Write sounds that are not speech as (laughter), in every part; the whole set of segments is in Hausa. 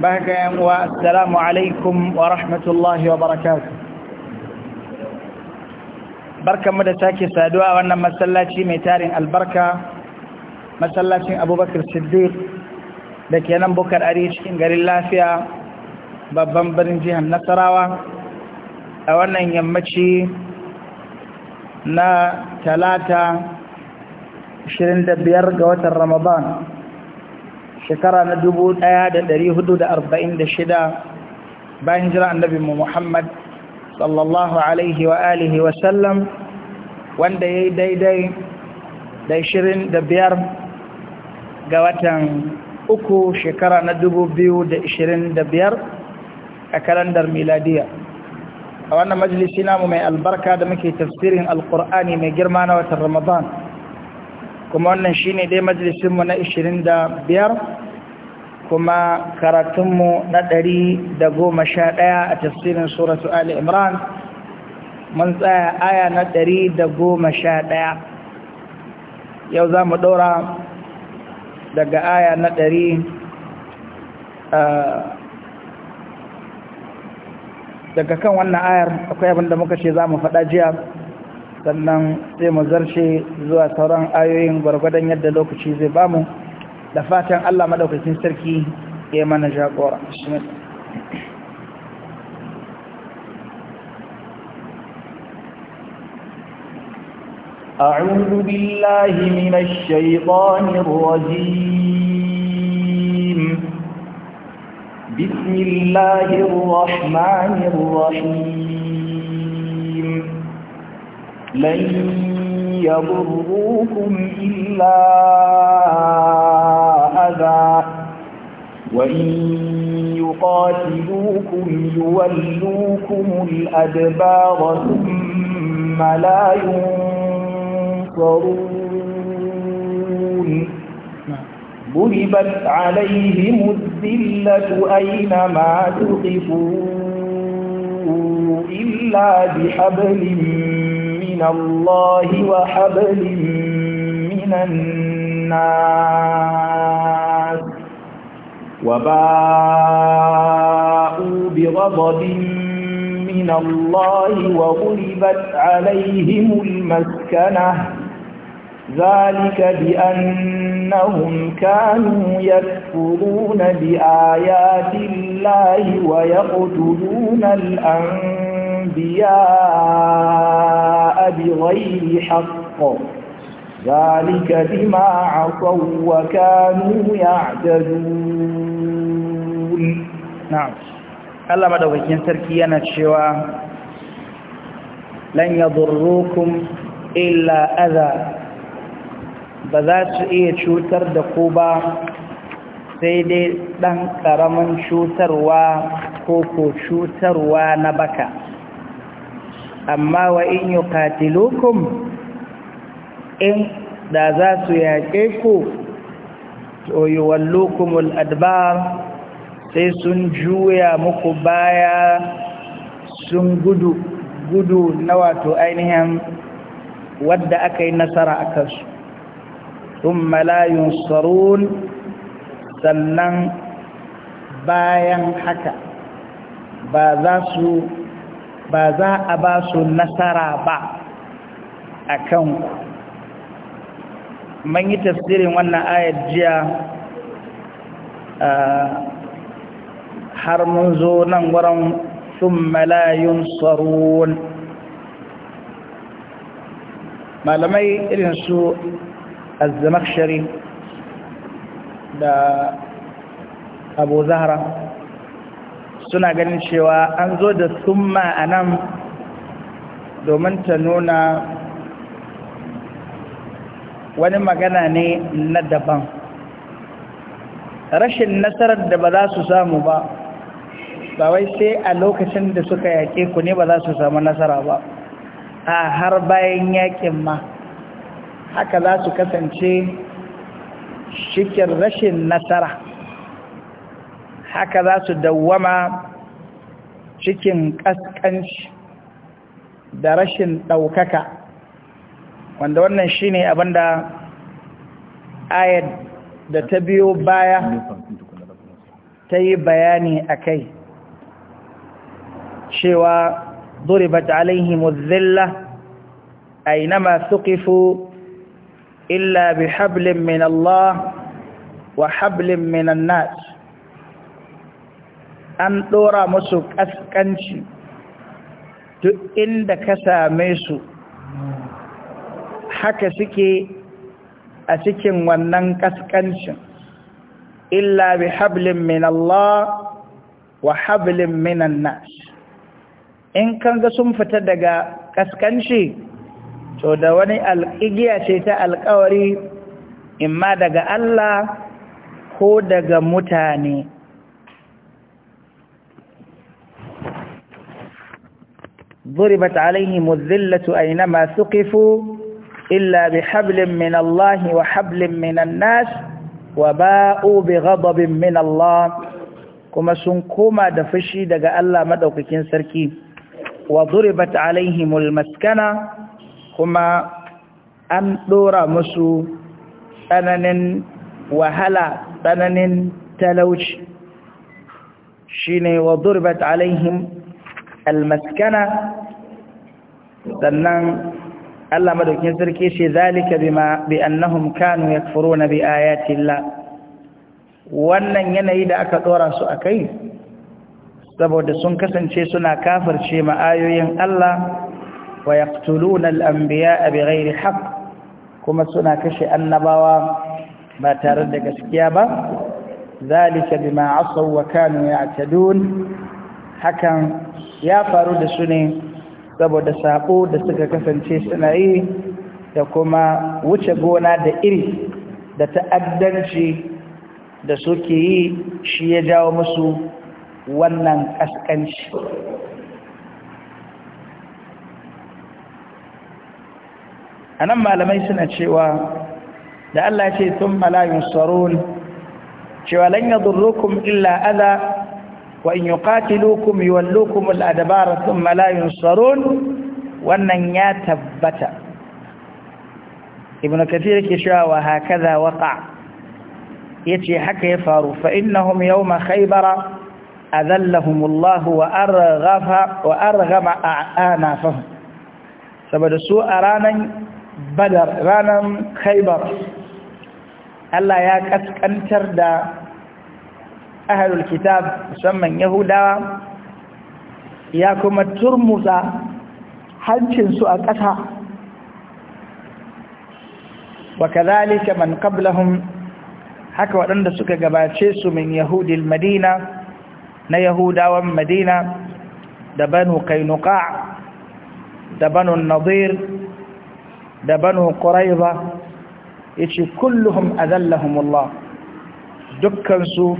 baka yan uwa assalamu alaikum wa rahmatullahi wa barakatuh barkamu da sake saduwa a wannan masallaci mai tarin albarka masallacin abubakar siddiq da ke nan bukar ari cikin garin lafiya babban birnin jihar nasarawa a wannan yammaci na talata 25 ga watan ramadan shekara na dubu ɗaya da ɗari da da arba'in da shida bayan jira annabinmu Muhammad sallallahu alaihi wa alihi wa sallam wanda ya yi daidai da ishirin da biyar ga watan uku shekara na dubu biyu da ishirin da biyar a kalandar miladiya a wannan majalisi namu mai albarka da muke tafsirin alkur'ani mai girma na watan ramadan kuma wannan shi ne dai majalisinmu na 25 kuma karatunmu na 111 a tafsirin suratu Ali Imran mun tsaya aya na 111 yau za mu ɗora daga aya na 100 daga kan wannan ayar akwai abinda muka ce za mu faɗa jiya sannan zai mu zarce zuwa sauran ayoyin gwargwadon yadda lokaci zai bamu da fatan Allah madaukakin sarki ya mana jagora أعوذ بالله من الشيطان الرجيم بسم الله الرحمن الرحيم لن يضروكم إلا أذى وإن يقاتلوكم يولوكم الأدبار ثم لا ينصرون ضربت عليهم الذلة أينما تقفوا إلا بحبل من الله وحبل من الناس وباءوا بغضب من الله وغلبت عليهم المسكنة ذلك بأنهم كانوا يكفرون بآيات الله ويقتلون الأنفس الأنبياء بغير حق ذلك بما عصوا وكانوا يعتدون نعم الله ما دوكين تركيانا تشوا لن يضروكم إلا أذى بذات إيه تشوتر دقوبة sai dai ɗan ƙaramin cutarwa ko ko cutarwa na baka amma wa in yuqatilukum in da za su yaƙe ku to yuwallukumul adbar sai sun juya muku baya sun gudu gudu na wato ainihin wadda aka yi nasara a kansu thumma la yunsarun sannan bayan haka ba za su ba za a ba su nasara ba a kan man yi tafsirin wannan ayar jiya har mun zo nan wurin sun malayun tsaron malamai irin su azamakshari da abu zahra suna ganin cewa an zo da summa a nan domin ta nuna wani magana ne na daban rashin nasarar da ba za su samu ba ba wai sai a lokacin da suka yaƙe ku ne ba za su samu nasara ba a har bayan yaƙin ma haka za su kasance shikin rashin nasara haka za su dawwama cikin ƙasƙanci da rashin ɗaukaka wanda wannan shi ne abinda ayat da ta biyo baya ta yi bayani a kai cewa ضربت عليهم الذلة أينما ثقفوا إلا بحبل من الله وحبل من الناس an ɗora musu ƙasƙanci duk inda ka same su haka suke a cikin wannan ƙasƙancin illa bi hablin min Allah wa hablin minan nas in kan ga sun fita daga ƙasƙanci to da wani igiya ce ta alƙawari imma daga Allah ko daga mutane ضربت عليهم الذلة أينما ثقفوا إلا بحبل من الله وحبل من الناس وباءوا بغضب من الله كما سنكما دفشي دقاء الله مدوك كنسركي وضربت عليهم المسكنة كما أن دور مسو أنن وهلا أنن تلوش شيني وضربت عليهم almaskana sannan Allah madaukin sarki shi zalika bima bi annahum kanu yakfuruna bi ayati Allah wannan yanayi da aka dora su akai saboda sun kasance suna kafirce ma ayoyin Allah wa yaqtuluna al-anbiya'a bighairi haqq kuma suna kashe annabawa ba tare da gaskiya ba zalika bima asaw wa kanu ya'tadun hakan ya faru da su ne saboda sako da suka kasance suna yi da kuma wuce gona da iri da ta'addanci da suke yi shi ya jawo musu wannan kaskanci a nan malamai suna cewa da Allah ce tun malayin tsaron cewa lanyar yadurrukum illa ala وإن يقاتلوكم يولوكم الأدبار ثم لا ينصرون وأن يتبت ابن كثير كشوا وهكذا وقع يتي حكى فارو فإنهم يوم خيبر أذلهم الله وأرغف وأرغم أعانافهم سبب سوء رانا بدر رانا خيبر الله يا كسكنتر ahalul kitab musamman yahudawa ya kuma hancin hancinsu a ƙasa wa kazalika man qablahum haka waɗanda suka gabace su min yahudil madina na yahudawan madina da banu kainuka da banu nadir da banu quraiba yace kulluhum azallahumullah dukkansu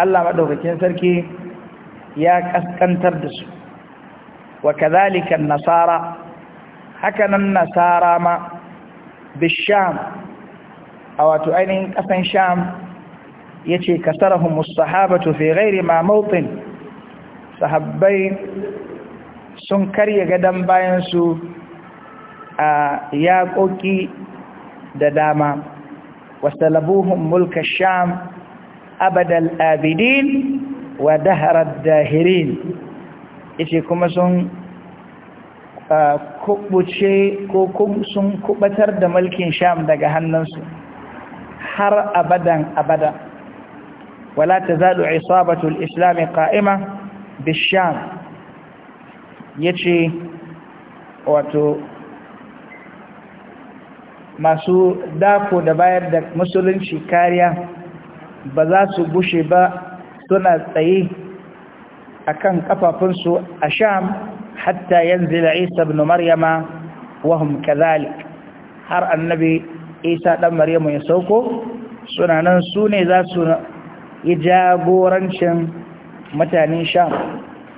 Allah maɗaukakin sarki ya ƙasƙantar da su wa kazalikan nasara haka nan nasara ma bisham a wato ainihin ƙasan sham ce kasarahum as-sahabatu fi ghairi ma mawtin sahabbai sun karya gadon bayansu a yaƙoƙi da dama wasalabuhum mulka sham abadal abidin wa dahar dahirin yace kuma sun kubuce ko sun kubatar da mulkin sham daga hannunsu har abadan abada wala ta zaɗu isabatul islami ka'ima bisham yace wato masu dako da bayar da musulunci kariya ba za su bushe ba suna tsaye akan kafafunsu a sham hatta yanzila isa ibn maryama wa hum har annabi isa dan maryamu ya sauko suna nan su ne za su yi jagorancin mutanen sham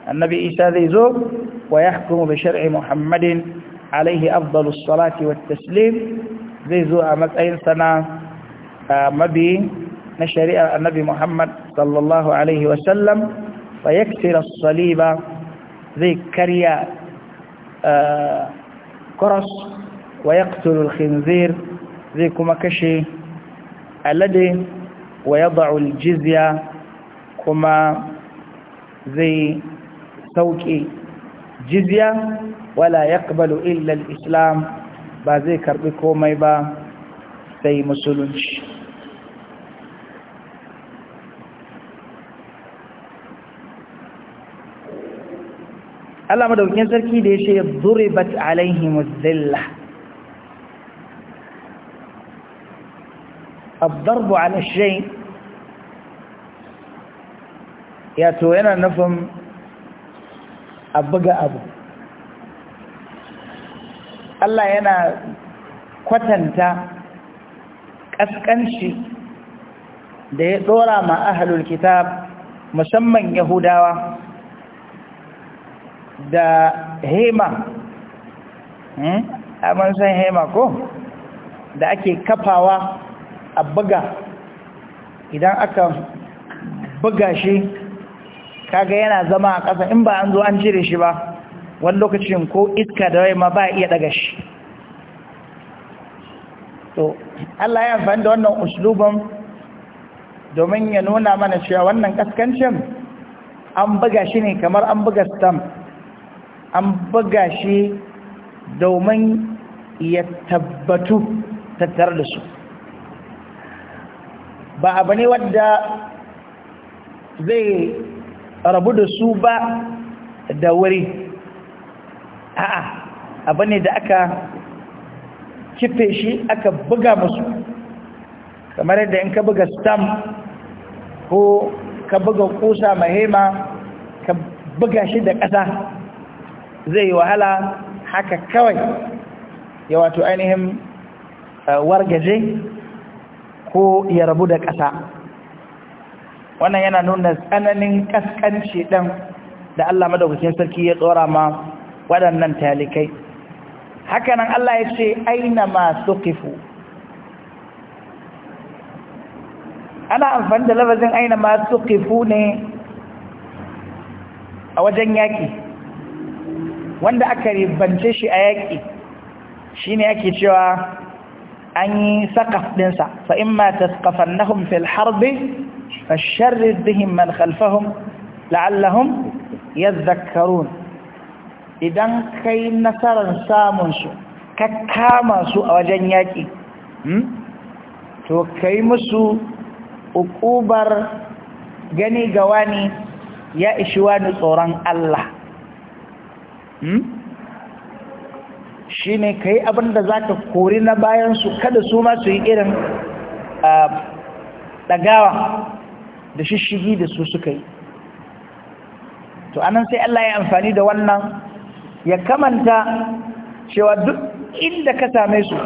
annabi isa zai zo wa yahkumu bi shar'i muhammadin alaihi afdalus salati wat taslim zai zo a matsayin sana mabiyin نشريع النبي محمد صلى الله عليه وسلم فيكسر الصليب ذي ذكريا كرس آه، ويقتل الخنزير ذيكما كشي الذي ويضع الجزية كما ذي سوكي جزية ولا يقبل إلا الإسلام بذيكر بكوميبا سي مسلونش Allah madaukin sarki da ya ce zuribat alaihim zilla الضرب على ya to yana nufin a buga abu Allah yana kwatanta ƙasƙanci da ya ɗora ma ahalul kitab musamman yahudawa da hema hmm? a man san hema ko da ake kafawa a buga idan aka buga shi kaga yana zama a ƙasa in ba an zo an jire shi ba wani lokacin ko iska da rai ma ba iya daga shi to Allah ya amfani da wannan usluban domin ya nuna mana cewa wannan kaskancin an buga shi ne kamar an buga stamp an buga shi domin ya tabbatu tattare da su ba abu ne wadda zai rabu da su ba da wuri a'a abu ne da aka kife shi aka buga musu kamar yadda in ka buga stam ko ka buga kusa mahema ka buga shi da ƙasa zai yi wahala haka kawai ya wato ainihin eh, wargaje ko ya rabu da ƙasa wannan yana nuna tsananin ƙasƙanci ɗan da Allah madaukakin sarki ya tsora ma waɗannan talikai hakanan Allah ya ce aina masu kifu ana amfani da lafazin aina masu kifu ne a wajen yaƙi wanda aka ribance shi a yaƙi shi ne ake cewa an yi saƙaf ɗinsa fa in ma ta saƙafan nahun fil harbi fa sharri bihin man ya zakarun idan kai nasarar samunsu ka kama su a wajen yaƙi hmm? to kai musu uƙubar gani ga wani ya ishi wani tsoron Allah Hmm? shi ne ka yi abin da za ka kori na bayansu kada su ma su yi irin ɗagawa da shishigi da su suka yi to anan sai Allah ya amfani da wannan ya kamanta cewa duk inda ka same su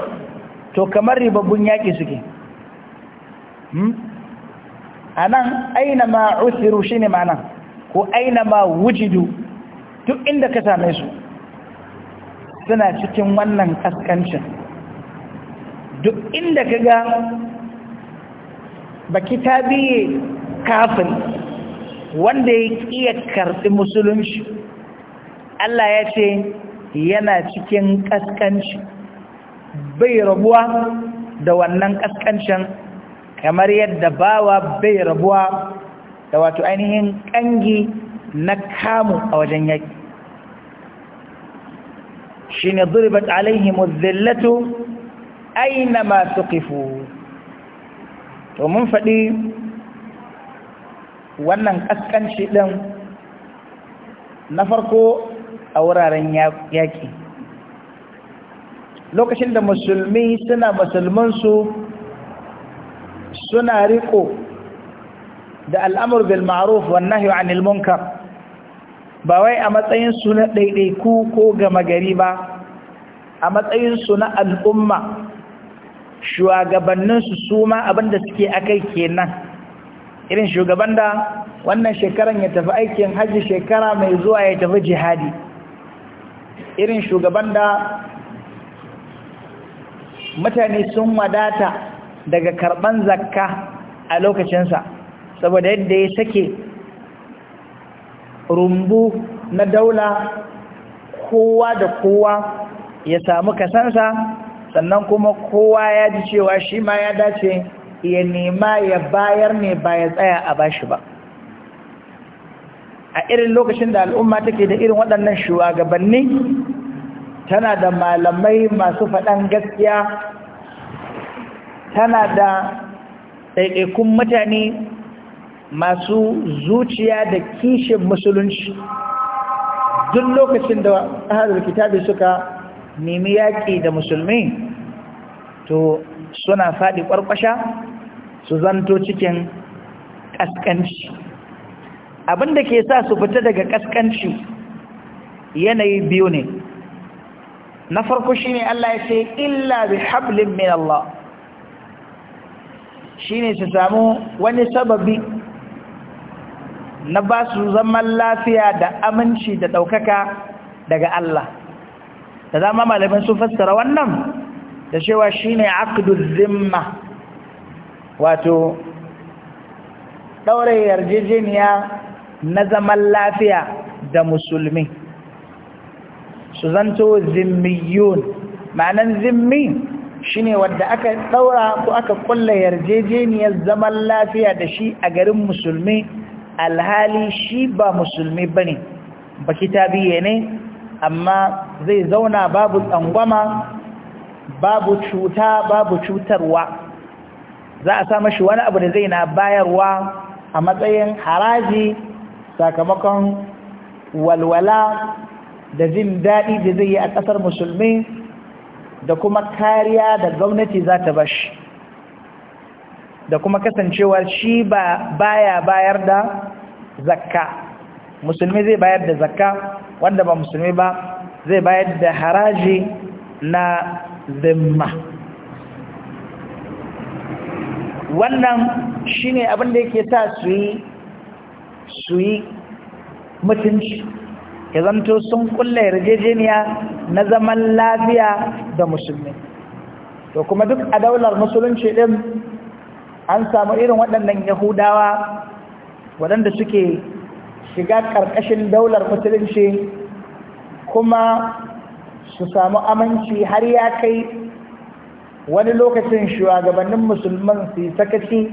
to kamar ribabbun yaƙi suke hmm? anan aina ma usiru shine ma'ana ko aina ma wujidu duk inda ka same su suna cikin wannan kaskancin duk inda ka ga baki ta biye kafin wanda ya iya karɓi musulunci Allah ya ce yana cikin kaskanci bai rabuwa da wannan kaskancin kamar yadda bawa bai rabuwa da wato ainihin ƙangi na kamu a wajen yaki shine zurbat alaihim adh-dhillatu aina ma kifu. to mun faɗi wannan ƙasƙanci ɗin na farko a wuraren yaƙi lokacin da musulmi suna musulmansu suna riko da al'amur bil ma'ruf wan nahyu 'anil munkar ba wai a matsayinsu na ɗaiɗaiku ko gama gari ba a matsayinsu na al'umma shugabanninsu su ma abinda suke akai kenan irin shugaban da wannan shekaran ya tafi aikin hajji shekara mai zuwa ya tafi jihadi irin shugaban da mutane sun wadata daga karban zakka a lokacinsa saboda yadda ya sake rumbu na daula kowa da kowa ya samu kasansa sannan kuma kowa ya ji cewa shi ma ya dace ya nema ya bayar ne ba ya tsaya a bashi ba a irin lokacin da al'umma take da irin waɗannan shugabanni tana da malamai masu faɗan gaskiya tana da ɗaiɗaikun mutane masu zuciya da kishin musulunci duk lokacin da ahalar kitabi suka nemi yaƙi da musulmi to suna faɗi ƙwarƙwasha su zanto cikin ƙasƙanci abinda ke sa su fita daga ƙasƙanci yanayi biyu ne na farko shi ne Allah ya ce illa bi hablin min Allah shi ne su samu wani sababi na ba su zaman lafiya da aminci da ɗaukaka daga Allah da ma malamin sun fassara wannan da cewa shi ne aqdul zimma wato ɗaure yarjejeniya na zaman lafiya da musulmi su zanto zimmiyun ma'anan zimmi shi ne wadda aka ɗaura ko aka ƙulla yarjejeniyar zaman lafiya da shi a garin musulmi alhali shi ba musulmi bane ba kitabiye ne amma zai zauna babu tsangwama babu cuta babu cutarwa za a sa mashi wani abu da zai na bayarwa a matsayin haraji sakamakon walwala da jin daɗi da zai yi a ƙasar musulmi da kuma kariya da gwamnati za ta bashi da kuma kasancewar shi ba baya bayar da zakka musulmi zai bayar da zakka wanda ba musulmi ba zai bayar da haraji na zimma wannan shine abin da yake ta su yi su yi mutunci ya zanto sun kulle yarjejeniya na zaman lafiya da musulmi to kuma duk a daular musulunci din an samu irin waɗannan yahudawa waɗanda suke shiga ƙarƙashin daular musulunci kuma su samu aminci har ya kai wani lokacin shugabannin musulman su yi sakaci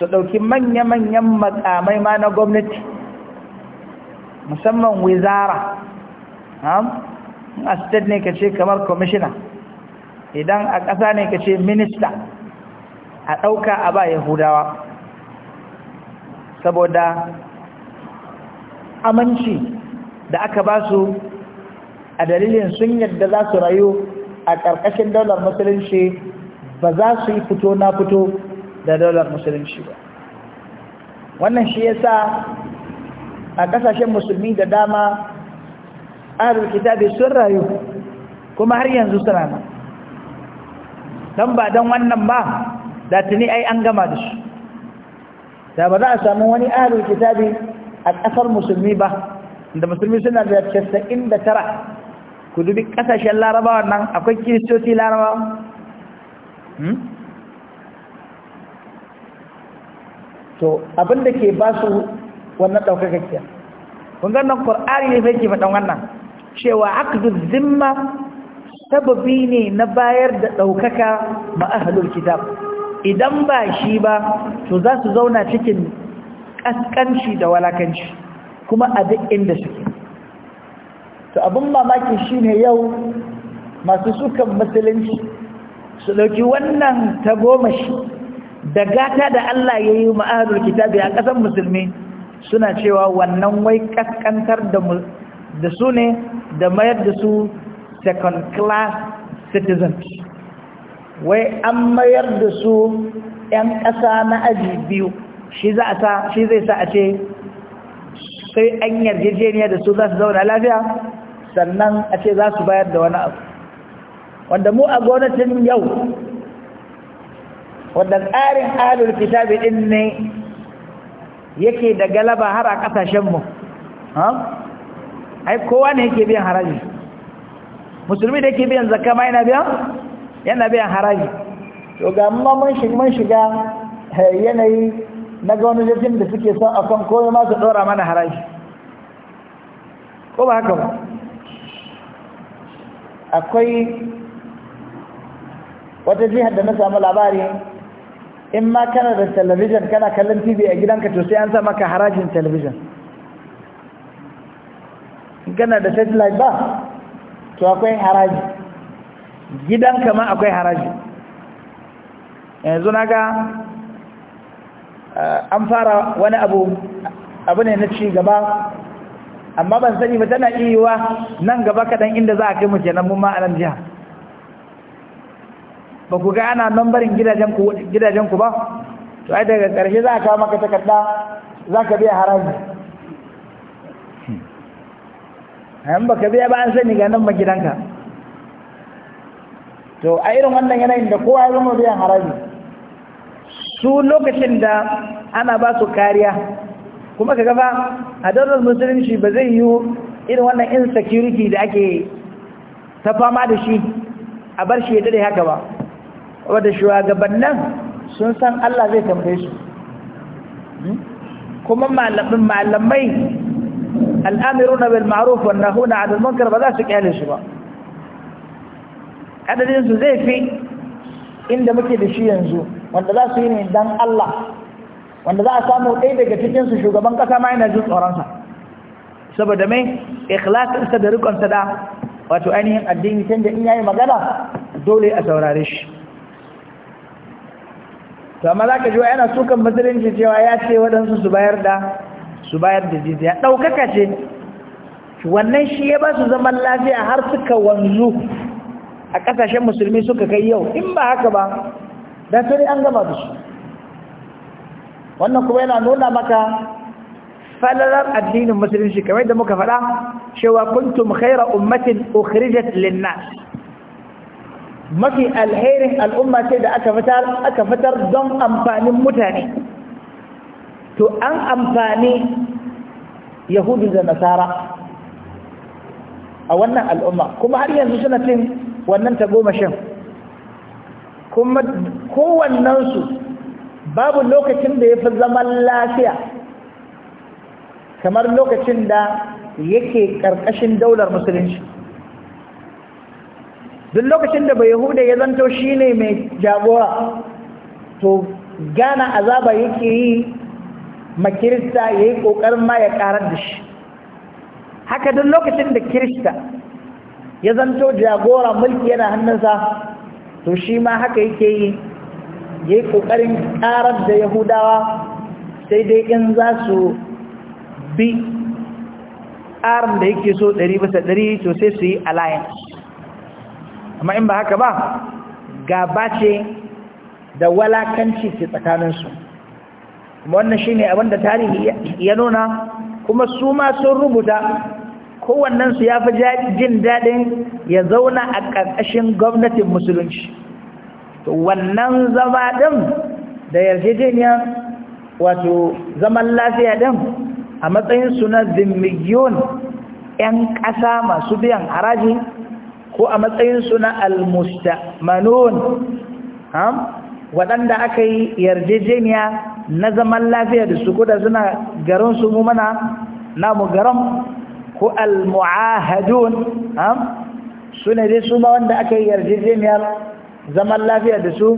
su ɗauki manya-manyan makamai ma na gwamnati musamman wizara a state ne ka ce kamar commissioner idan a ƙasa ne ka ce minista a ɗauka a ba yahudawa saboda aminci da aka ba su a dalilin sun yadda za su rayu a ƙarƙashin daular musulunci ba za su yi fito na fito da daular musulunci ba wannan shi ya sa a ƙasashen musulmi da dama ahlul kitabi sun rayu kuma har yanzu suna nan don ba don wannan ba da tuni ai an gama da shi da ba za a samu wani ahlul kitabi a ƙasar musulmi ba da musulmi suna da casa'in da tara ku dubi ƙasashen larabawa nan akwai kiristoci larabawa hmm? to abinda ke ba su wannan ɗaukakakken kun nan ƙwar'ari ne zai ke faɗin wannan cewa akdu zimma sababi ne na bayar da ɗaukaka ma'ahalul kitab idan ba shi ba to za su zauna cikin ƙasƙanci da walakanci kuma a duk inda suke to abin mamaki ne yau masu sukan musulunci su ɗauki wannan ta tagomashi da gata da Allah ya yi ma'adar kitabi a ƙasar musulmi suna cewa wannan wai ƙasƙantar da su ne da mayar da su second class citizens wai an mayar da su 'yan ƙasa na aji biyu shi zai sa a ce sai an yarjejeniya da su za su zauna lafiya sannan a ce za su bayar da wani abu wanda mu a gwamnatin yau wanda tsarin alul kitabi ɗin ne yake da galaba har a ƙasashenmu ai kowa ne yake biyan haraji musulmi da yake biyan zakama yana biyan? yana biyan haraji to ga mun shiga mun eh, shiga yanayi na gwamnatin da suke son a kan koyi ma su dora mana haraji ko ba haka ba akwai wata jihar da na samu labari in ma kana da talabijin kana kallon tv a gidanka to sai an sa maka harajin talabijin kana da satellite ba to akwai haraji gidan kama akwai haraji yanzu naga eh, an fara wani abu abu ne na ci gaba amma ban sani ba tana iya nan gaba kaɗan inda za a kai mu kenan mun nan jiha ba ku ga ana nambarin gidajenku ba to ai daga ƙarshe za a kawo maka takarda za ka biya haraji hmm. an ba ka biya ba an sani ga nan ma gidanka to a irin wannan yanayin da kowa ya zama biyan haraji su lokacin da ana ba su kariya kuma ka gaba a daular musulunci ba zai yi irin wannan insecurity da ake ta fama da shi a bar shi ya dade haka ba wadda shugabannin sun san Allah zai tambaye su hmm? kuma malamin malamai na bil ma'ruf wan nahuna 'anil munkar ba za su kyale su ba adadinsu zai fi inda muke da shi yanzu wanda za su yi ne dan Allah wanda za a samu ɗaya daga cikinsu shugaban ƙasa ma yana jin tsoronsa saboda mai ikhlasinsa da rikonsa da wato ainihin addini can da in yayi magana dole a saurare shi to amma za ka ji yana sukan musulunci cewa ya ce waɗansu su bayar da su bayar da jizya ɗaukaka ce wannan shi ya ba su zaman lafiya har suka wanzu a ƙasashen musulmi suka kai yau in ba haka ba da sai an gama da su wannan kuma yana nuna maka falalar addinin musulunci kamar da muka faɗa cewa kuntum khaira ummatin ukhrijat linnas mafi alherin al'umma ce da aka fitar aka fitar don amfanin mutane to an amfani yahudu da nasara a wannan al'umma kuma har yanzu suna cin wannan ta goma shan kuma kowannensu babu lokacin da ya fi zaman lafiya kamar lokacin da yake ƙarƙashin daular musulunci duk lokacin da bai yahuda ya zanto shine mai jagora to gana azaba yake yi makirista ya yi ƙoƙarin ma ya ƙarar da shi haka duk lokacin da kirista ya zanto jagora mulki yana hannunsa to shi ma haka yake yi ya yi ƙoƙarin ƙarar da yahudawa sai dai in za su bi ƙarin da yake so ɗari sa ɗari to sai su yi alliance amma in ba haka ba gaba ce da walakanci ke tsakaninsu wannan shi ne abinda tarihi ya nuna kuma su ma sun rubuta kowannensu ya fi jin daɗin ya zauna a ƙarƙashin gwamnatin musulunci to wannan zama ɗin da yarjejeniyar wato zaman lafiya ɗin a matsayinsu na zimmiyon 'yan ƙasa masu biyan haraji ko a matsayinsu na almustamanun waɗanda aka yi yarjejeniya na zaman lafiya da su kuda suna su mu mana namu garin ko al-mu'ahadun am sune dai su ma wanda aka yi yarjejeniyar zaman lafiya da su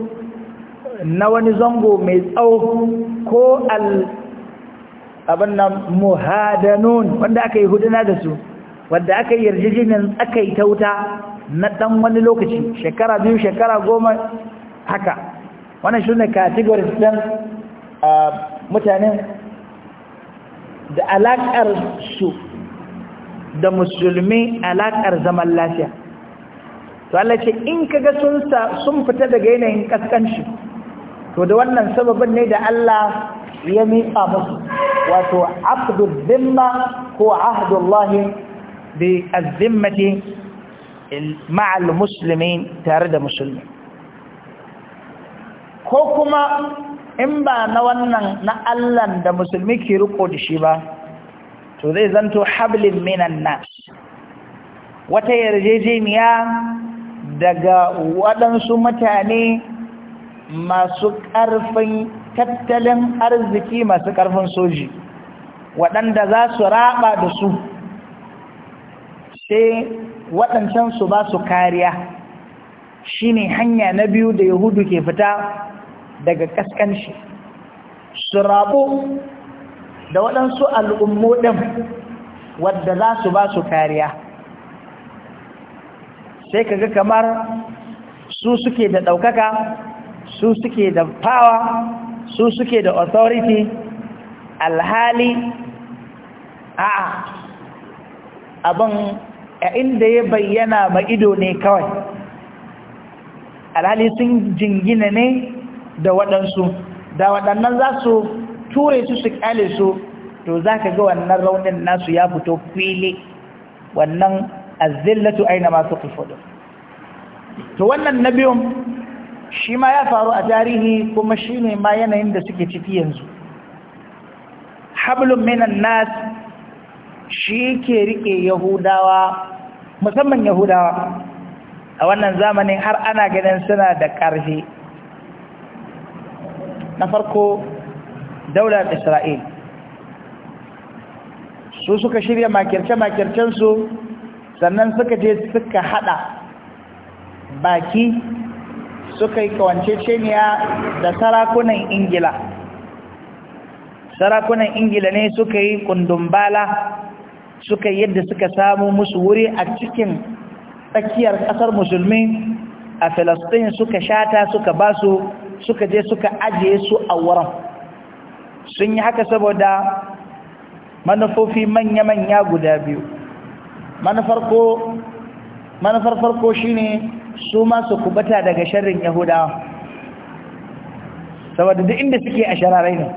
na wani zango mai tsawo ko al abin nan muhadanun wanda aka yi huduna da su wanda aka yi yarjejeniyar aka yi tauta na ɗan wani lokaci shekara biyu shekara goma haka wannan shi ne categories ɗin ah, mutanen da alaƙar su da musulmi alaƙar zaman lafiya to Allah ce in kaga sun sun fita daga yanayin kaskanci to da wannan sababin ne da Allah ya miƙa musu wato aqdu dhimma ko ahdullahi bi az-zimmati ma'a tare da musulmi ko kuma in ba na wannan na Allah da musulmi ke riko da shi ba to zai zanto hablin minan nas wata yarjejeniya daga waɗansu mutane masu ƙarfin tattalin arziki masu ƙarfin soji waɗanda za su raba da su sai waɗancan su ba su kariya shine hanya na biyu da yahudu ke fita daga ƙasƙanshi su raɓo da waɗansu al'ummu ɗin wadda za su ba su kariya sai ka ga kamar su suke da ɗaukaka su suke da power su suke da authority alhali a abin a inda ya bayyana ma ido ne kawai alhali sun jingina ne da waɗansu da waɗannan za su ture su su kyale su to za ka ga wannan raunin nasu ya fito fili wannan azillatu aina masu kufudu to wannan na biyun shi ma ya faru a tarihi kuma shi ne ma yanayin da suke ciki yanzu hablun minan nas shi ke rike yahudawa musamman yahudawa a wannan zamanin har ana ganin suna da ƙarfi na farko daular isra'il su suka shirya makirce-makircensu sannan suka je suka hada baki suka yi ceniya da sarakunan ingila sarakunan ingila ne suka yi kundumbala suka yi yadda suka samu musu wuri a cikin tsakiyar ƙasar musulmi a filistin suka shata suka basu suka je suka ajiye su a wurin sun yi haka saboda manufofi manya-manya guda biyu manufar farko shi ne su masu kubata daga sharrin yahudawa saboda duk inda suke a shararai ne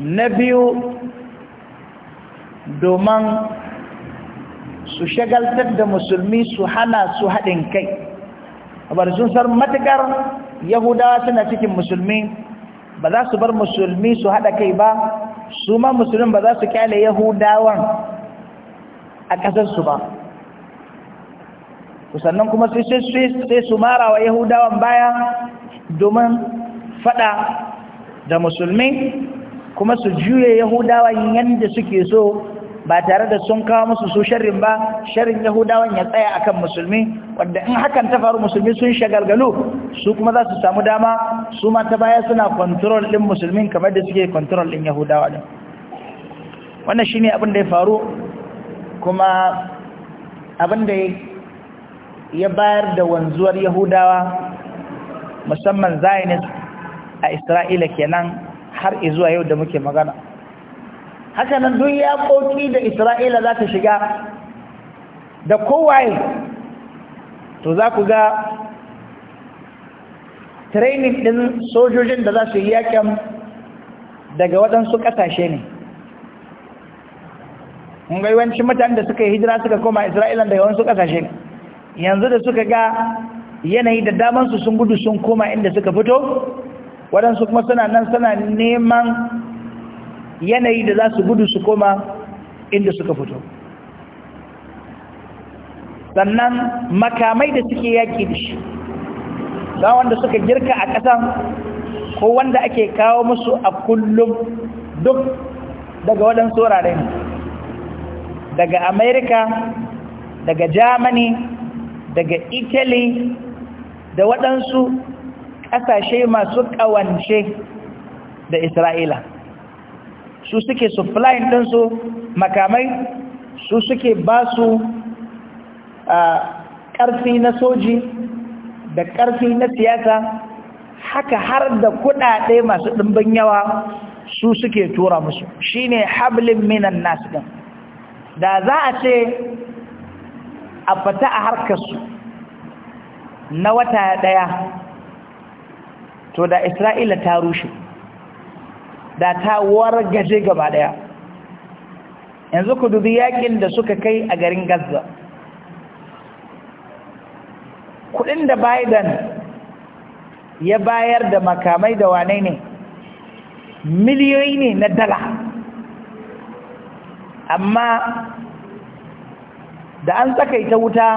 na biyu domin su shagaltar da musulmi su hana su haɗin kai a sun san matukar yahudawa suna cikin musulmi ba za su bar musulmi su haɗa kai ba su ma musulmi ba za su kyale yahudawan a ƙasarsu ba sannan kuma sai su mara wa yahudawan baya domin faɗa da musulmi kuma su juye yahudawan yadda suke so ba tare da sun kawo musu su sharrin ba sharrin yahudawan ya tsaya akan musulmi wanda in hakan ta faru musulmi sun shagalgalu su kuma za su samu dama su ma ta baya suna control din musulmin kamar da suke control din yahudawa din wannan shine abin da ya faru kuma abin da ya bayar da wanzuwar yahudawa musamman zionist a isra'ila kenan har izuwa yau da muke magana haka nan duk yaƙoƙi da isra'ila za ta shiga da kowaye to za ku ga training ɗin sojojin da za su yi yaƙin daga waɗansu ƙasashe ne wancin mutane da suka yi hijira suka koma isra'ila daga waɗansu ƙasashe ne yanzu da suka ga yanayi da damansu sun gudu sun koma inda suka fito waɗansu kuma suna nan suna neman yanayi da za su gudu su koma inda suka fito sannan makamai da suke yaƙi da shi ga wanda suka girka a ƙasa, ko wanda ake kawo musu a kullum duk daga waɗansu wurare daga amerika daga germany daga italy da waɗansu ƙasashe masu ƙawance da isra'ila su suke supplying ɗinsu makamai su suke ba su ƙarfi na soji da ƙarfi na siyasa haka har da kuɗaɗe masu ɗimbin yawa su suke tura musu shine hablin minan nasu ɗin da za a ce a fata a harkarsu na wata ɗaya to da isra'ila ta rushe da ta wargaje gaba daya yanzu ku dubi yakin da suka kai a garin gaza kudin da biden ya bayar da makamai da wane ne miliyoyi ne na dala amma da an tsakaita wuta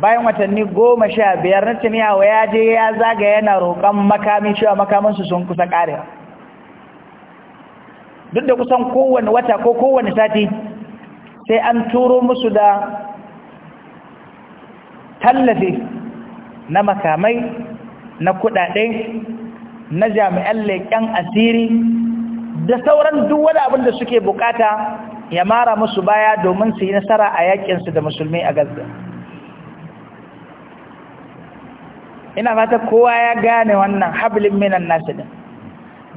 bayan watanni goma sha biyar na tuniya wa ya je ya zaga yana roƙon makamin cewa makamansu sun kusa ƙarewa duk da kusan kowane wata ko kowane sati sai an turo musu da tallafi na makamai na kudade na jami'an leƙen asiri da sauran duk wani abin da suke bukata ya mara musu baya domin su yi nasara a yakinsu da musulmi a gaza ina fata kowa ya gane wannan hablin minan nasu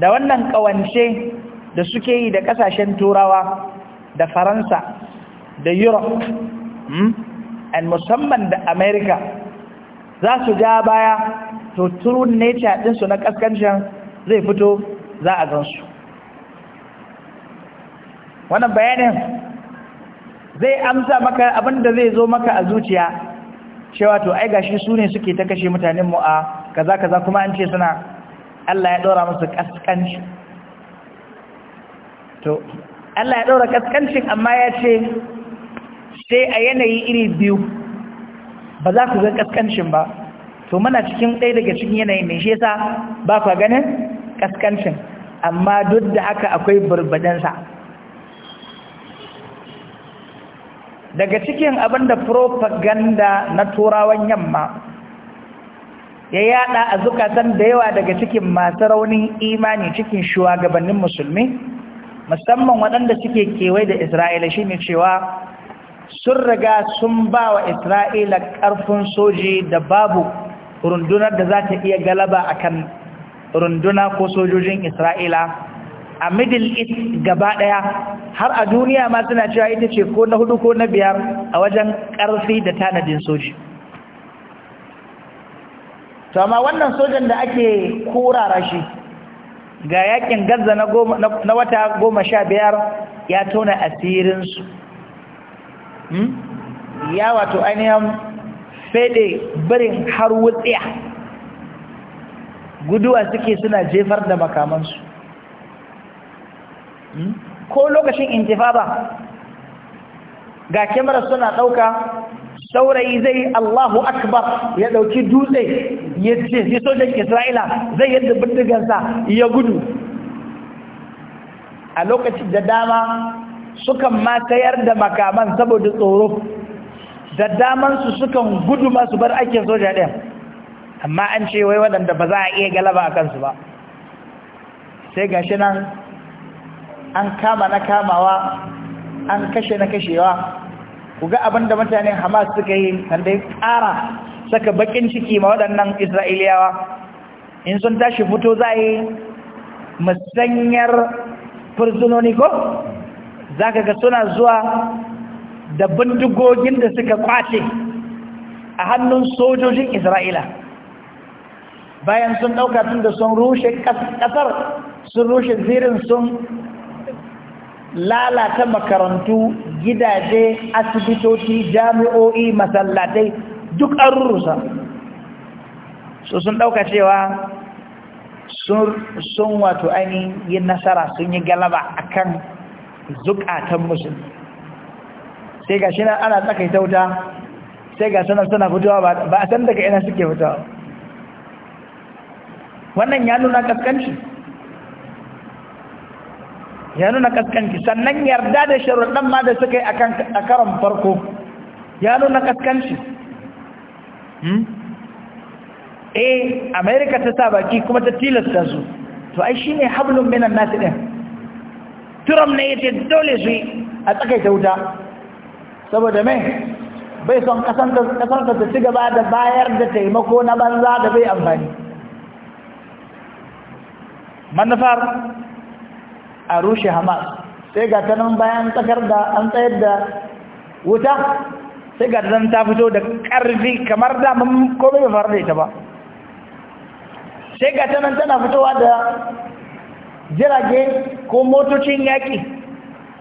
da wannan kawance da suke yi da kasashen turawa da faransa da europe hmm? and musamman da america za su ja baya to true nature ɗinsu na kaskancin zai fito za a gansu wannan bayanin zai amsa maka abinda zai zo maka a zuciya cewa to ai gashi su ne suke ta kashe mutanenmu a kaza kaza kuma an ce suna Allah ya ɗora musu kaskanci to Allah ya ɗaura kaskancin amma ya ce sai a yanayi iri biyu ba za ku ga kaskancin ba to muna cikin ɗaya daga cikin yanayi mai shi yasa ba ku ganin kaskancin amma duk da haka akwai barbadansa daga cikin abin da propaganda na turawan yamma ya yada a zukatan da yawa daga cikin masu raunin imani cikin shugabannin musulmi musamman waɗanda suke kewaye da isra'ila shi cewa sun riga sun ba wa isra'ila ƙarfin soji da babu rundunar da za ta iya galaba a kan runduna ko sojojin isra'ila a middle east gaba ɗaya. har a duniya ma suna cewa ita ce ko na hudu ko na biyar a wajen ƙarfi da tanadin soji to wannan sojan da ake kurara shi ga yakin gaza na wata goma sha biyar ya tona asirinsu hmm? ya wato ainihin fede birin har wutsiya guduwa suke suna jefar da makamansu hmm? ko lokacin intifaba ga kyamara suna ɗauka saurayi zai Allahu akbar ya dauki dutse ya ce sojan Isra'ila zai yadda bindigansa ya gudu a lokaci da dama sukan ma tayar da makaman saboda tsoro da daman su sukan gudu masu bar ake soja ɗin amma an ce wai waɗanda ba za a iya galaba a kansu ba sai gashi nan an kama na kamawa an kashe na kashewa ku ga abin da mutanen hamas suka yi sanda ya ƙara saka bakin ciki ma waɗannan isra'iliyawa in sun tashi fito za a yi musanyar fursunoni ko za ka ga suna zuwa da bindigogin da suka kwace a hannun sojojin isra'ila bayan sun ɗauka tun da sun rushe ƙasar sun rushe zirin sun lalata makarantu gidaje asibitoci jami'o'i masallatai duk an rusa so sun dauka cewa sun wato yin nasara sun yi galaba akan zukatan musulmi sai ga shi na ana tsakaita wuta sai ga sanar suna fitowa ba a san daga ina suke fitowa wannan ya nuna kaskanci ya nuna kaskanci sannan yarda da sharuɗan ma da suka yi a karon farko ya nuna kaskanci hmm? eh amerika ta sa baki kuma ta tilasta su to ai ne hablun minan nasi ɗin turam ne yace dole su a tsakaita wuta saboda mai bai son kasanta ta ci gaba da bayar da taimako na banza da bai amfani manufar a rushe hamas sai ga ta nan bayan tsakar da an tsayar da wuta sai ga nan ta fito da ƙarfi kamar daman komai ba faru da ita ba sai ga ta nan tana fitowa da jirage ko motocin yaƙi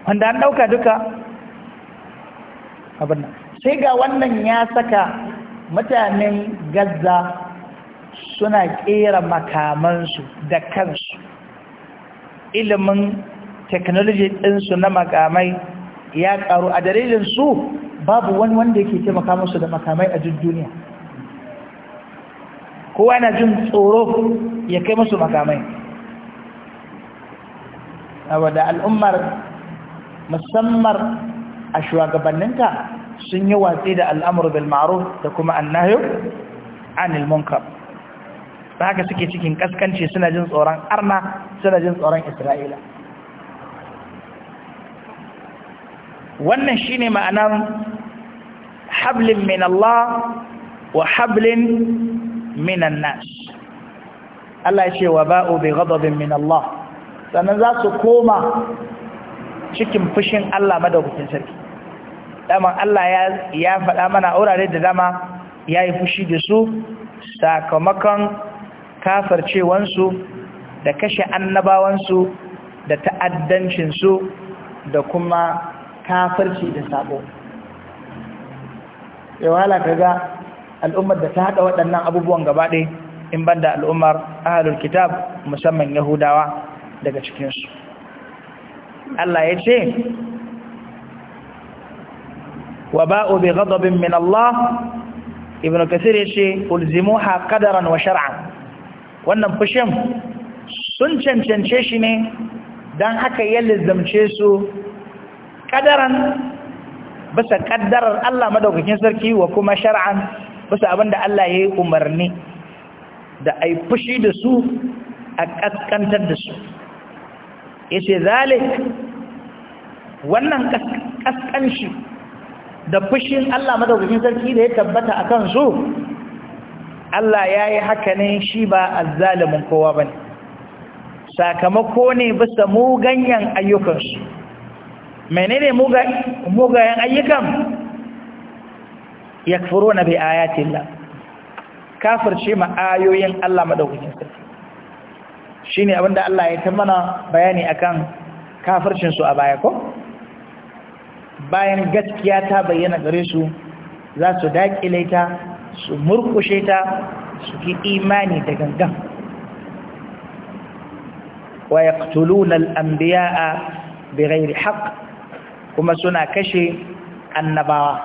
wanda an ɗauka duka abin nan sai ga wannan ya saka mutanen gaza suna ƙera makamansu da kansu ilimin technology ɗinsu na makamai ya ƙaru a dalilin su babu wani wanda yake taimaka musu da makamai a duniya kowa yana jin tsoro ya kai musu makamai wadda al'ummar musamman a shugabanninta sun yi watsi da al'amur bil da kuma annahu anil munkar da haka suke cikin kaskanci suna jin tsoron arna suna jin tsoron isra'ila wannan shi ne ma'anar hablin min Allah wa hablin minan nas Allah ya ce wa ba'u bi ghadabin min Allah sannan za su koma cikin fushin Allah madaukakin sarki daman Allah ya faɗa mana aurare da dama ya yi fushi da su sakamakon kafarcewansu da kashe annabawansu da ta'addancinsu da kuma kafarci da sabo yawala kaga al'ummar da ta haɗa waɗannan abubuwan gabaɗe in banda al'ummar ahalul kitab musamman yahudawa daga cikinsu Allah ya ce wa ba'u bi ghadabin min Allah ibn kathir ya ce ulzimuha qadaran wa shar'an wannan fushin sun cancance shi ne don haka ya lizzamce su ƙadaran bisa ƙaddarar Allah madaukakin sarki wa kuma shar'an bisa abinda Allah ya yi umarni da a fushi da su a ƙasƙantar da su ya ce zalik wannan ƙasƙanshi da fushin Allah madaukakin sarki da ya tabbata a kansu Allah ya yi haka ne shi ba azzalimin kowa ba ne sakamako ne bisa muganyen ayyukansu menene mugayen ayyukan ya furo na bai ayatillah kafirce ma ayoyin Allah maɗaukacin sarki shi ne abinda Allah ya ta mana bayani akan kafircinsu a baya ko bayan gaskiya ta bayyana gare su za su daƙilaita ta su murkushe ta su ki imani da gangan wa yaqtuluna al-anbiya'a bighairi haqq kuma suna kashe annabawa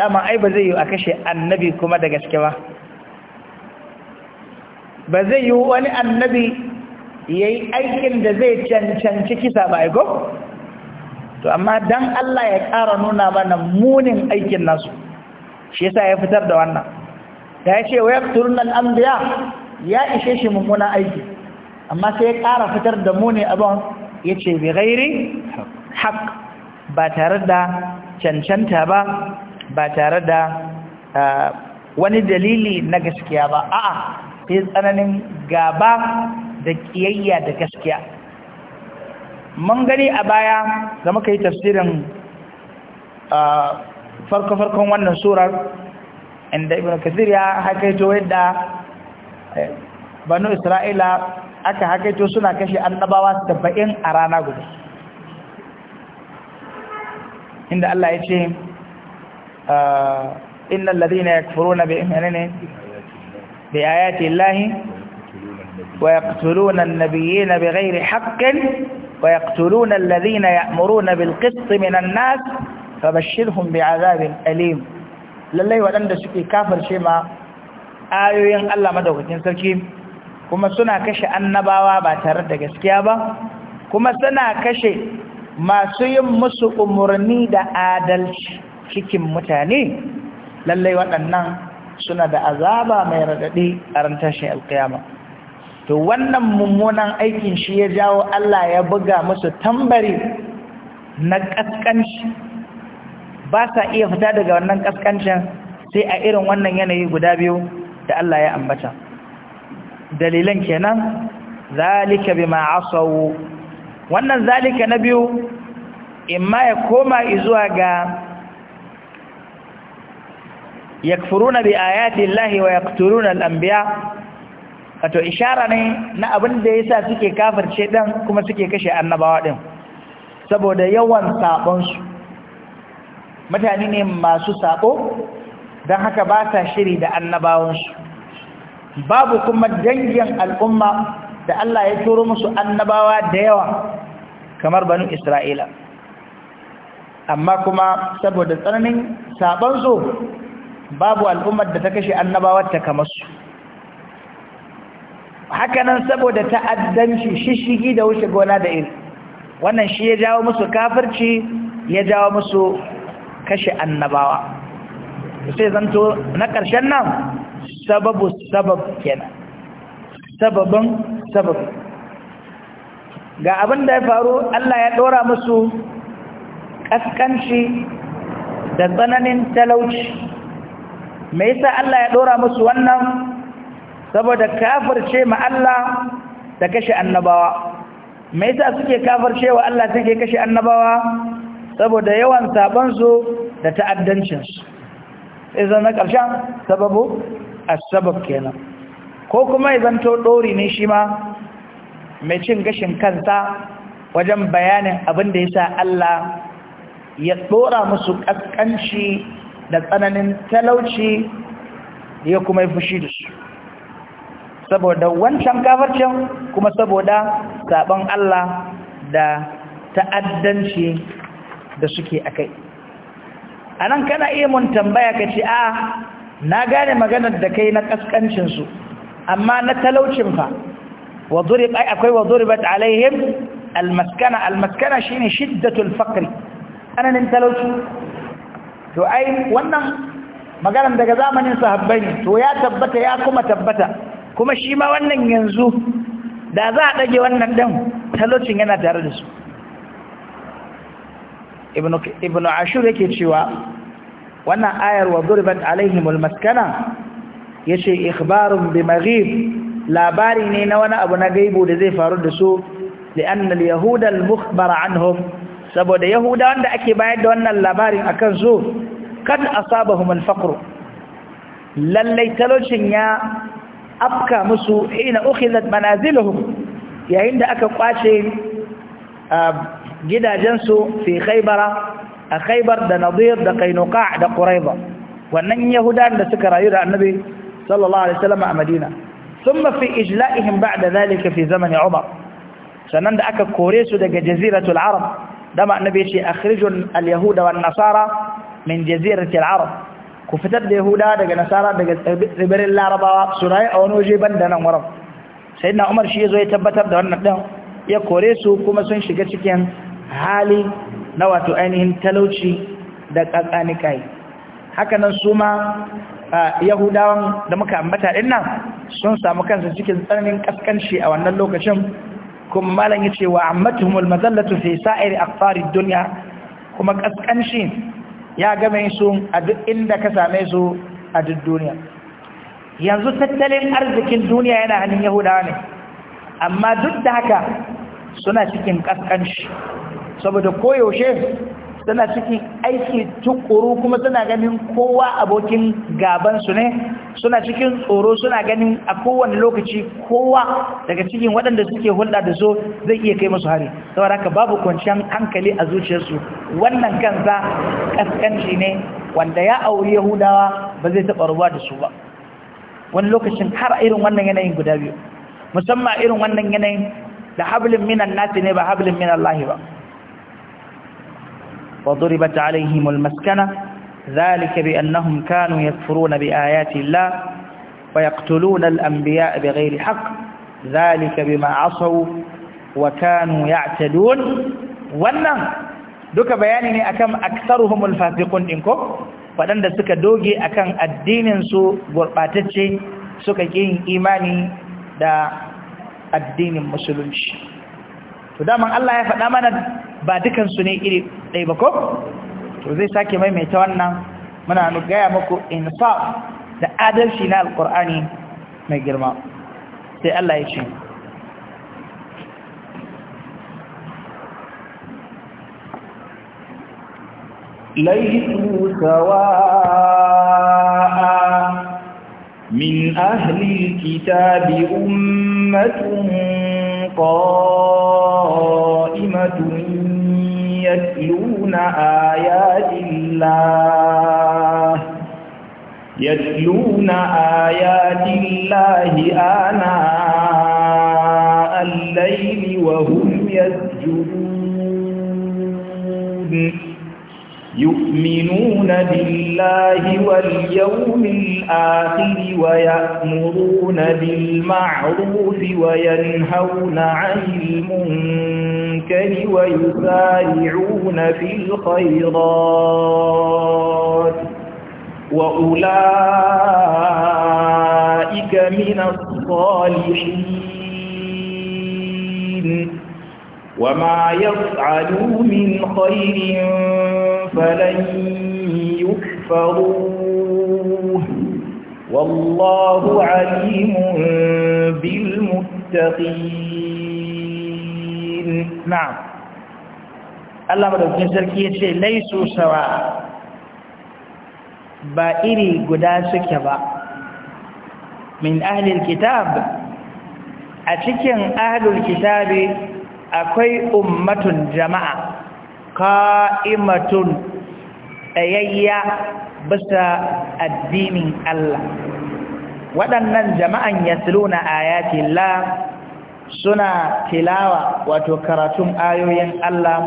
dama ai ba zai yi a kashe annabi kuma da gaske ba ba zai yi wani annabi yayi aikin da zai cancanci kisa ba ai go to amma dan Allah ya ƙara nuna mana munin aikin nasu shi yasa ya fitar da wannan da ya ce wa anbiya ya ishe shi mummuna aiki amma sai ya ƙara fitar da mu ne abin yace bi ghairi haqq ba tare da cancanta ba ba tare da wani dalili na gaskiya ba a'a sai tsananin gaba da kiyayya da gaskiya mun gani a baya da muka yi tafsirin farko farkon wannan surar inda ibn kathir ya hakaito yadda banu isra'ila aka hakaito suna kashe annabawa 70 a rana guda inda Allah ya ce innal ladina yakfuruna bi imanina bi ayati llahi wa yaqtuluna an-nabiyina bighairi haqqin wa yaqtuluna alladhina ya'muruna bil qist minan nas fabashirhum azabin alim lallai waɗanda suke kafirce ma ayoyin Allah madaukakin sarki kuma suna kashe annabawa ba tare da gaskiya ba kuma suna kashe masu yin musu umarni da adalci cikin mutane lallai waɗannan suna da azaba mai raɗaɗi a ran tashin alƙiyama to wannan mummunan aikin shi ya jawo Allah ya buga musu tambari na ƙasƙanci ba sa iya fita daga wannan ƙasƙancin sai a irin wannan yanayi guda biyu da Allah ya ambata dalilan kenan zalika bima asaw wannan zalika na biyu imma ya koma zuwa ga yakfuruna bi ayati llahi wa yaqtuluna al-anbiya wato ishara ne na abin da yasa suke kafirce dan kuma suke kashe annabawa din saboda yawan sabon su mutane ne masu sako don haka ba ta shiri da annabawansu babu kuma dangin al'umma da Allah ya turo musu annabawa da yawa kamar banu Isra'ila amma kuma saboda tsananin zo babu al'ummar da ta kashe annabawarta kamar su hakanan saboda ta'addanci shishigi da wuce gona da iri wannan shi ya jawo musu kafirci ya jawo musu kashe annabawa sai zanto na ƙarshen nan sababu sabab kenan sababin sabab ga abin da ya faru Allah ya ɗora musu ƙasƙanci da tsananin talauci me yasa Allah ya ɗora musu wannan saboda kafirce ma Allah da kashe annabawa me yasa suke kafircewa Allah suke kashe annabawa saboda yawan sabansu da ta'addancinsu izan na ƙarshen sababu a sabab kenan ko kuma izan to ɗori ne shi ma mai cin gashin kansa wajen bayanin abin da ya sa Allah ya ɗora musu ƙasƙanci da tsananin talauci ya kuma yi fushi da su saboda wancan kafarcin kuma saboda saɓon Allah da ta'addanci da suke a kai a nan kana iya mun tambaya ka ce a na gane maganar da kai na ƙasƙancinsu amma na talaucin fa akwai wa zuribat alaihim almaskana almaskana shi ne shiddatul fakri ananin talauci to ai wannan maganar daga zamanin sahabbai ne to ya tabbata ya kuma tabbata kuma shi ma wannan yanzu da za a ɗage wannan ɗan talaucin yana tare da su ibn ashur yake cewa wannan ayar wa durbat alaihimul maskana yace ikhbarun bi maghib labari ne na wani abu na gaibu da zai faru da su li'anna al-yahuda al anhum saboda yahuda wanda ake bayar da wannan labarin akan su kad asabahum al-faqr lallai talocin ya afka musu ina ukhizat manaziluhum yayin da aka kwace ah, gidajensu fi khaybara a khaybar da nadir da qainuqa da quraiba wannan yahudan da suka rayu da annabi sallallahu alaihi wasallam a madina thumma fi ijla'ihim ba'da dhalika fi zamani umar sannan da aka kore su daga jaziratul arab dama annabi ce akhrijun al-yahuda wan nasara min jaziratil arab ku fitar da yahuda daga nasara daga tsibirin larabawa su rayu a wani waje ban nan sai na umar shi ya zo ya tabbatar da wannan ɗin ya kore su kuma sun shiga cikin hali na wato ainihin talauci da ƙaƙanikai hakanan su ma yahudawan da muka ambata ɗin nan sun samu kansu cikin tsananin ƙasƙanci a wannan lokacin kuma malam yace wa ammatuhumul mazallatu fi sa'iri aqfarid dunya kuma ƙasƙanci ya game su a duk inda ka same su a duk duniya yanzu tattalin arzikin duniya yana hannun yahudawa ne amma duk da haka suna cikin ƙasƙanci saboda koyaushe tana cikin aiki tukuru kuma suna ganin kowa abokin gabansu ne suna cikin tsoro suna ganin a kowane lokaci kowa daga cikin waɗanda suke hulɗa da so zai iya kai masu hari saboda haka babu kwanciyar hankali a zuciyarsu wannan kansa kaskanci ne wanda ya auri yahudawa ba zai taɓa ruwa da su ba wani lokacin har irin wannan yanayin guda biyu musamman irin wannan yanayin da hablin minan nasi ne ba hablin minan lahi ba وضربت عليهم المسكنة ذلك بأنهم كانوا يكفرون بآيات الله ويقتلون الأنبياء بغير حق ذلك بما عصوا وكانوا يعتدون wannan duka bayani ne akan aktsaruhum alfasiqun ko, waɗanda suka doge akan addininsu su gurbatacce suka yin imani da addinin musulunci to daman Allah ya faɗa mana ba dukansu ne iri ɗaya ba ko to zai sake maimaita wannan muna gaya muku insa da adalci na alkur'ani mai girma sai Allah ya ce laifu sawa'a من أهل الكتاب أمة قائمة يتلون آيات الله يتلون آيات الله آناء الليل وهم يسجدون يؤمنون بالله واليوم الآخر ويأمرون بالمعروف وينهون عن المنكر ويسارعون في الخيرات وأولئك من الصالحين وما يفعلوا من خير فلن يكفروه والله عليم بالمتقين نعم الله مدوكين سركي يتشي ليسوا سواء ba iri guda suke ba min ahlil kitab a cikin ahlul kitabi akwai ummatun jama'a qa'imatun ayayya bisa addinin Allah waɗannan jama'an yasluna ayati Allah suna tilawa wato karatun ayoyin Allah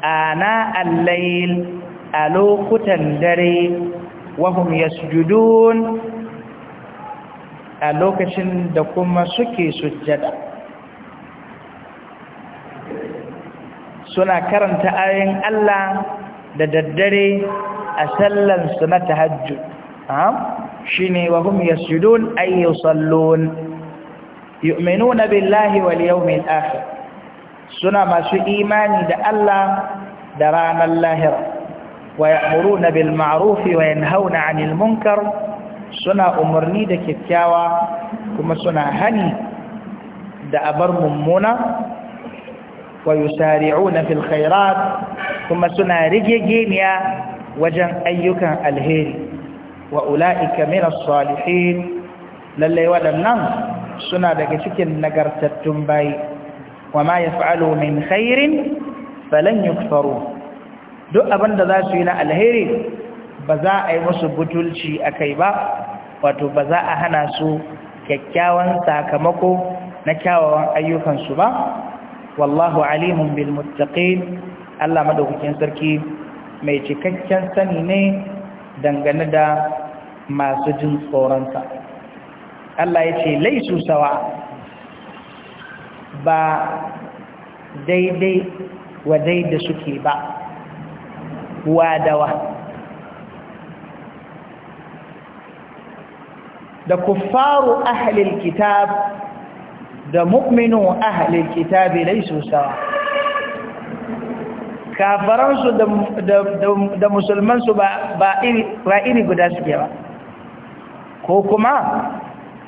ana al-layl a lokutan dare wahum yasjudun a lokacin da kuma suke sujjada suna karanta ayoyin Allah da daddare a sallansu na tahajju shi ne wa hum yasjudun ay yusallun yu'minuna billahi wal mai akhir suna masu imani da Allah da ranar lahira wa ya'muruna bil ma'ruf wa yanhauna 'anil munkar suna umarni da kyakkyawa kuma suna hani da abar mummuna wa yusari'una fil khairat kuma suna rigegeniya wajen ayyukan alheri wa ula'ika min as-salihin lalle waɗannan suna daga cikin nagartattun bayi wa ma yaf'alu min khairin falan yukfaru duk abinda za su yi na alheri ba za a yi musu butulci a kai ba wato ba za a hana su kyakkyawan sakamako na kyawawan ayyukansu ba wallahu alimun bil muttaqin Allah madaukakin sarki mai cikakken sani ne dangane da masu jin tsoronsa Allah ya ce laisu sawa ba daidai wa da suke ba wadawa da kuffaru ahlil kitab da mu'minu ahlil kitabi laysu sawa kafaran su da musulman su ba ba iri guda suke ba ko kuma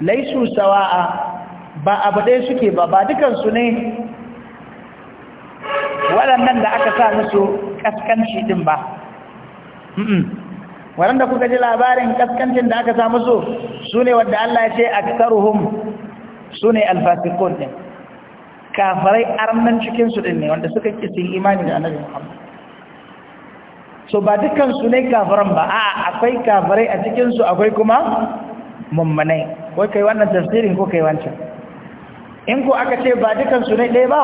laysu sawa'a ba abu dai suke ba ba dukan su ne waɗannan da aka sa musu kaskanci din ba waɗanda kuka ji labarin kaskancin da aka sa musu su ne wadda Allah ya ce aktaruhum su ne alfasikon ɗin kafarai arnan cikinsu ɗin ne wanda suka kisin imani da annabi muhammad so ba dukansu ne kafaran ba a akwai kafarai a cikinsu akwai kuma mummanai wai kai wannan tafsirin ko kai wancan in ko aka ce ba dukansu ne ɗaya ba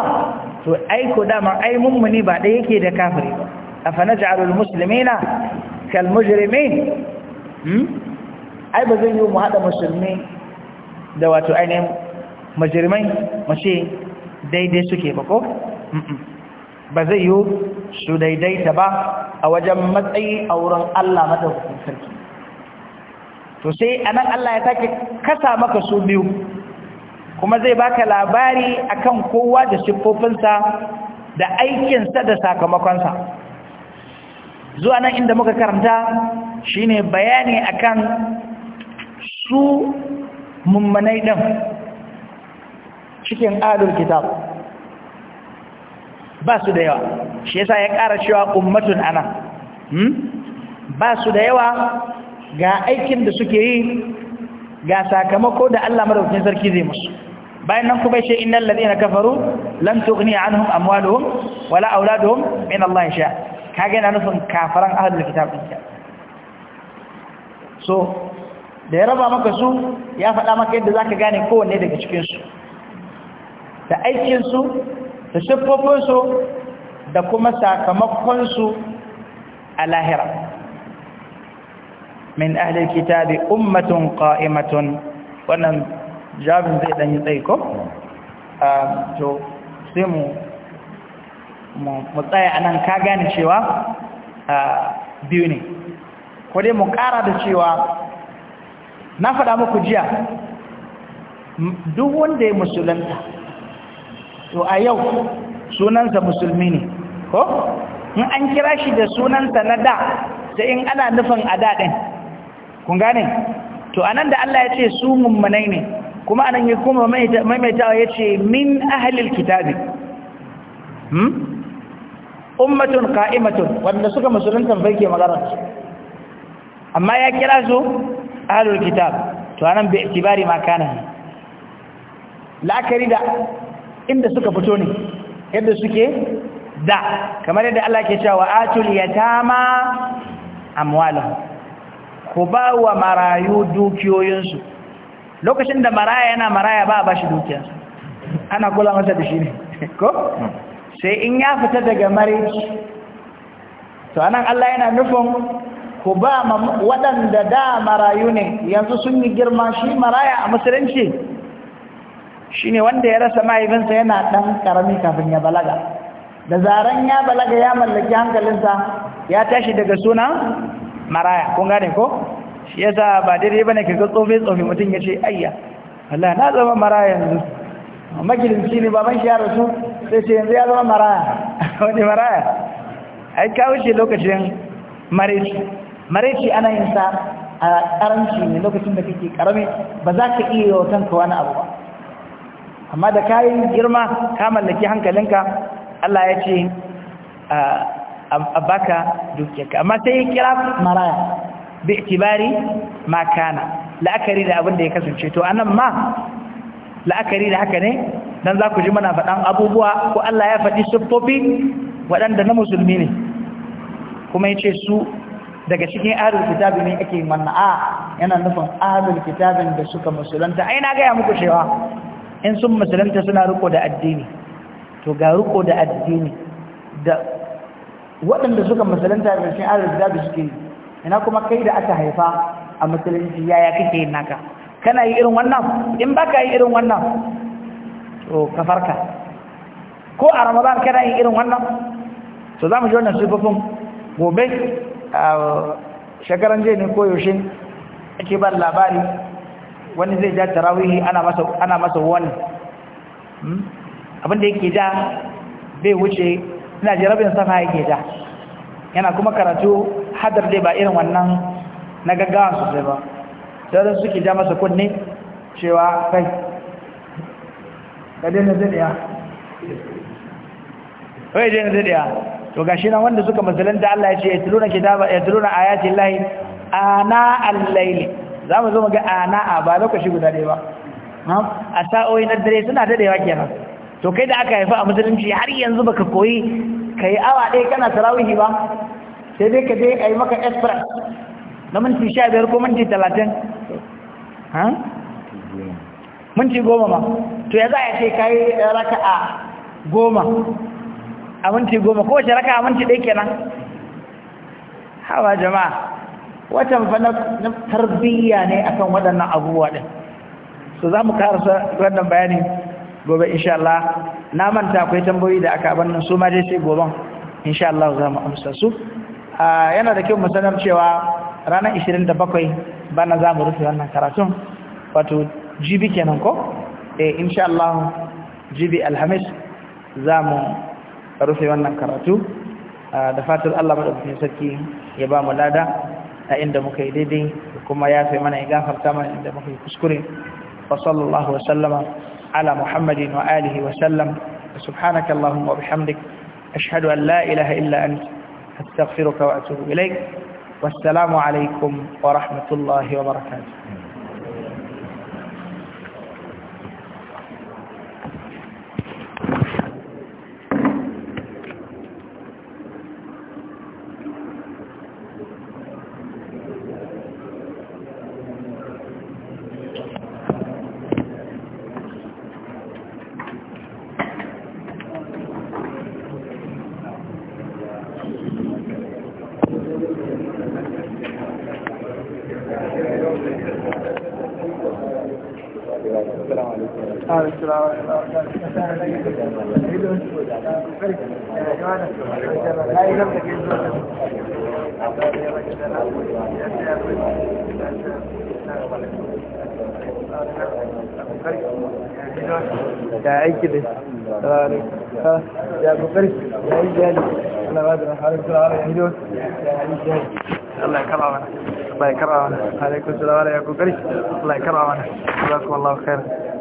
to ai ko dama ai mummuni ba ɗaya yake da kafari ba afanaj'alul muslimina kal mujrimin hmm ai ba zai yi mu haɗa musulmi da wato ainihin majirmai mace daidai suke ba ko ba zai yi su daidaita ba a wajen matsayi a wurin Allah madaukakin sarki to sai anan Allah ya take kasa maka su biyu kuma zai baka labari akan kowa da siffofinsa da aikinsa da sakamakonsa zuwa nan inda muka karanta shine bayani akan su mummanai din cikin alul kitab ba su da yawa shi yasa ya ƙara cewa ummatun ana hmm? ba su da yawa ga aikin da suke yi ga sakamako da Allah madaukakin sarki zai musu bayan nan kuma shi innal ladina kafaru lam tughni anhum amwaluhum wala auladuhum min Allah sha kage na nufin kafaran ahlul kitab so da ya raba maka su ya faɗa maka yadda zaka gane kowanne daga cikin su da aikinsu da siffofinsu da kuma sakamakonsu a lahira min ahlil kitabi ummatun qa'imatun wannan jabin zai dan yi tsayi ah, to sai mu mu tsaya anan ka gane cewa ah, biyu ne ko dai mu kara da cewa na faɗa muku jiya duk wanda ya musulunta to a yau sunansa musulmi ne ko in an kira shi da sunansa na da sai in ana nufin a da ɗin kun gane to nan da Allah ya ce su mummunai ne kuma a nan ya kuma maimaitawa ya ce min ahalil kitabi hmm? ummatun ka'imatun wanda suka musulunta bai ke magana amma ya kira su ahalul kitab to nan bai itibari ma kana la'akari da inda suka fito ne yadda suke da kamar yadda Allah ke cewa atul yatama amwala ku ba wa marayu dukiyoyinsu lokacin da maraya yana maraya ba a bashi dukiya ana kula masa da shi ne (laughs) ko sai in ya fita daga marriage to anan Allah yana nufin ku ba waɗanda da marayu ne yanzu sun yi girma shi maraya a musulunci shine wanda ya rasa mahaifinsa yana ɗan ƙarami kafin ya balaga da zaren ya balaga ya mallaki hankalinsa ya tashi daga suna maraya kun gane ko shi ya sa ba ba ne ka ga tsofe tsofe mutum ya ce ayya Allah na zama maraya yanzu magidanci ne baban shi ya rasu sai ce yanzu ya zama maraya (laughs) wani maraya ai ka wuce lokacin mareci mareci ana yin sa a karanci ne lokacin da kake karami ba za ka iya yautan ka wani abu ba amma da kayan girma ka mallaki hankalinka Allah ya ce a baka dukiyarka amma sai kira maraya bi itibari ma kana la'akari da abin da ya kasance to anan ma la'akari da haka ne dan za ku ji mana faɗan abubuwa ko Allah ya faɗi siffofi waɗanda na musulmi ne kuma ya ce su daga cikin ahlul kitabi ne ake manna a yana nufin ahlul kitabin da suka musulunta ai na gaya muku cewa in sun musulunta suna riko da addini to ga riko da addini da waɗanda suka musulunta da shi an riga da suke ina kuma kai da aka haifa a musulunci yaya kake yin naka kana yi irin wannan in baka yi irin wannan to ka farka ko a ramadan kana yi irin wannan to za mu ji wannan sifofin gobe shekaran jiya ne koyaushe ake ba labari wani zai ja tarawihi ana masa ana masa wani hmm? da yake ja bai wuce ina jarabin safa yake ja yana kuma karatu hadar dai ba irin wannan na gaggawa sosai ba su suke ja masa kunne cewa kai kadai na zai wai dai na zai to gashi nan wanda suka mazalanta Allah ya ce tuluna kitaba tuluna ayati Allah ana al-layl za mu zo mu ga ana'a ba lokaci guda ɗaya ba a sa'o'i na dare suna daɗewa kenan to kai da aka haifa a musulunci har yanzu ba ka koyi ka yi awa ɗaya kana tarawihi ba sai dai ka je a yi maka express na minti sha biyar ko minti talatin minti goma ma to ya za a ce ka yi raka a goma a minti goma kowace raka a minti ɗaya kenan hawa jama'a watan fa na tarbiyya ne akan waɗannan abubuwa ɗin so za mu karasa wannan bayani gobe insha Allah na manta akwai tambayoyi da aka abannin su ma dai sai goben insha Allah za mu amsa su yana da kyau mu sanar cewa ranar 27 bana za mu rufe wannan karatun wato jibi kenan ko eh insha Allah jibi alhamis za mu rufe wannan karatu da fatar Allah madaukakin sarki ya ba mu lada a inda muka yi daidai kuma ya fi mana ya gafarta mana inda muka yi kuskure wa sallallahu wa sallama ala muhammadin wa alihi wa sallam subhanaka allahumma wa bihamdik ashhadu an la ilaha illa anta astaghfiruka wa atubu ilaik wassalamu alaikum wa rahmatullahi wa barakatuh كده يا بكر يا عيد انا غادر حالك السلام عليكم يا عيد جالي الله يكرمك الله يكرمك عليكم السلام يا بكر الله يكرمك جزاكم الله خير